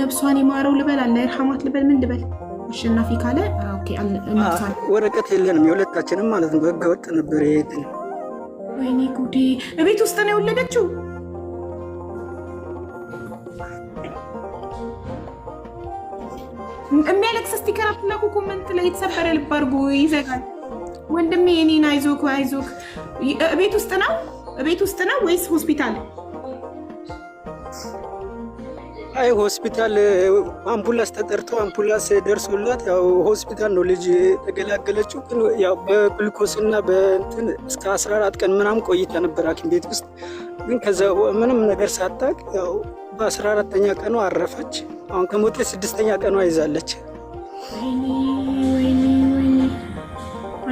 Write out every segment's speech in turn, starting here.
ነብሷን የማረው ልበል፣ አለ ይርሐማት ልበል፣ ምን ልበል? አሸናፊ ካለ ወረቀት የለንም የሁለታችንም ማለት ነው። ህገ ወጥ ነበር። የትን ወይኔ ጉዴ! እቤት ውስጥ ነው የወለደችው። የሚያለቅስ ስቲከር አትላኩ ኮመንት ላይ የተሰበረ ልብ አድርጎ ይዘጋል። ወንድሜ የኔን አይዞክ አይዞክ። እቤት ውስጥ ነው እቤት ውስጥ ነው ወይስ ሆስፒታል? አይ ሆስፒታል አምቡላንስ ተጠርቶ አምቡላንስ ደርሶላት ያው ሆስፒታል ነው ልጅ ተገላገለችው ግን ያው በግልኮስ እና በእንትን እስከ 14 ቀን ምናምን ቆይታ ነበር ሐኪም ቤት ውስጥ። ግን ከዛ ምንም ነገር ሳታቅ ያው በ 14 ኛ ቀኗ አረፈች። አሁን ከሞተ ስድስተኛ ቀኗ ይዛለች።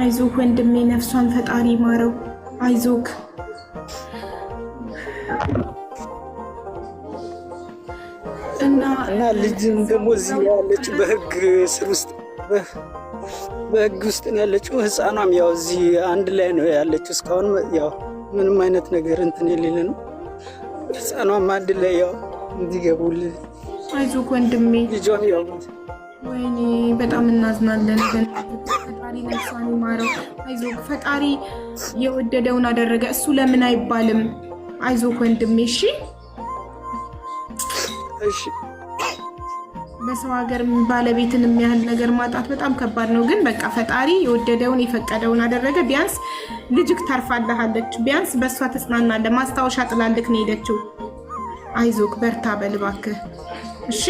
አይዞክ ወንድሜ፣ ነፍሷን ፈጣሪ ማረው። አይዞክ እና ልጅም ደግሞ እዚህ ያለች በህግ ስር ውስጥ በህግ ውስጥ ነው ያለችው። ህፃኗም ያው እዚህ አንድ ላይ ነው ያለችው። እስካሁን ያው ምንም አይነት ነገር እንትን የሌለ ነው። ህፃኗም አንድ ላይ ያው እንዲገቡልን አይዞህ ወንድሜ። ልጇም ያው ወይኔ በጣም እናዝናለን። ፈጣሪ ነፍሷን ይማረው። አይዞህ ፈጣሪ የወደደውን አደረገ። እሱ ለምን አይባልም። አይዞህ ወንድሜ። እሺ እሺ በሰው ሀገር ባለቤትን የሚያህል ነገር ማጣት በጣም ከባድ ነው። ግን በቃ ፈጣሪ የወደደውን የፈቀደውን አደረገ። ቢያንስ ልጅክ ታርፋለሃለች። ቢያንስ በእሷ ተጽናናለ። ማስታወሻ ጥላልክ ነው ሄደችው። አይዞክ በርታ በልባክ እሺ።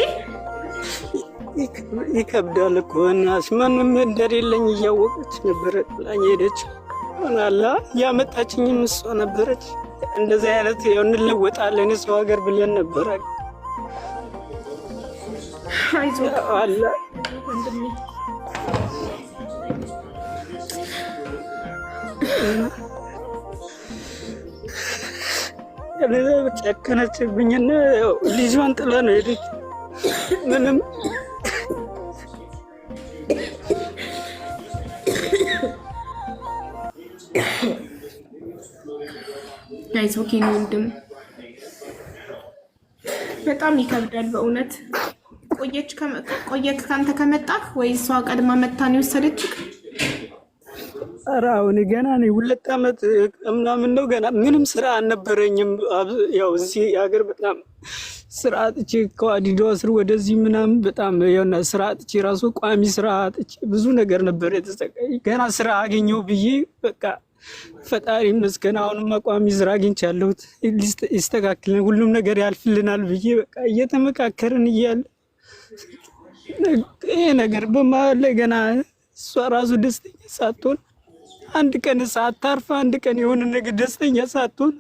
ይከብዳል እኮ እናስ ምንም እንደሌለኝ እያወቀች ነበረ ጥላኝ ሄደች። ሆናላ ያመጣችኝም እሷ ነበረች። እንደዚህ አይነት እንለወጣለን የሰው ሀገር ብለን ነበረ ጨከነችብኝና ልጇን ጥላ ነው ሄደች። ምንም ጋይስ ወንድም፣ በጣም ይከብዳል በእውነት ቆየክ ከአንተ ከመጣህ ወይ እሷ ቀድማ መታን የወሰደችክ? ኧረ አሁን ገና እኔ ሁለት ዓመት ምናምን ነው ገና ምንም ስራ አልነበረኝም። ያው እዚህ ሀገር በጣም ስራ አጥቼ ከዋዲዶ ስር ወደዚህ ምናምን በጣም የሆነ ስራ አጥቼ ራሱ ቋሚ ስራ አጥቼ ብዙ ነገር ነበር የተሰቃይ። ገና ስራ አገኘው ብዬ በቃ ፈጣሪ ይመስገን አሁንማ ቋሚ ስራ አግኝቻለሁት። ይስተካክልን ሁሉም ነገር ያልፍልናል ብዬ በቃ እየተመካከርን እያለ ይሄ ነገር በመሀል ላይ ገና እሷ ራሱ ደስተኛ ሳትሆን አንድ ቀን ሳታርፍ አንድ ቀን የሆነ ነገር ደስተኛ ሳትሆን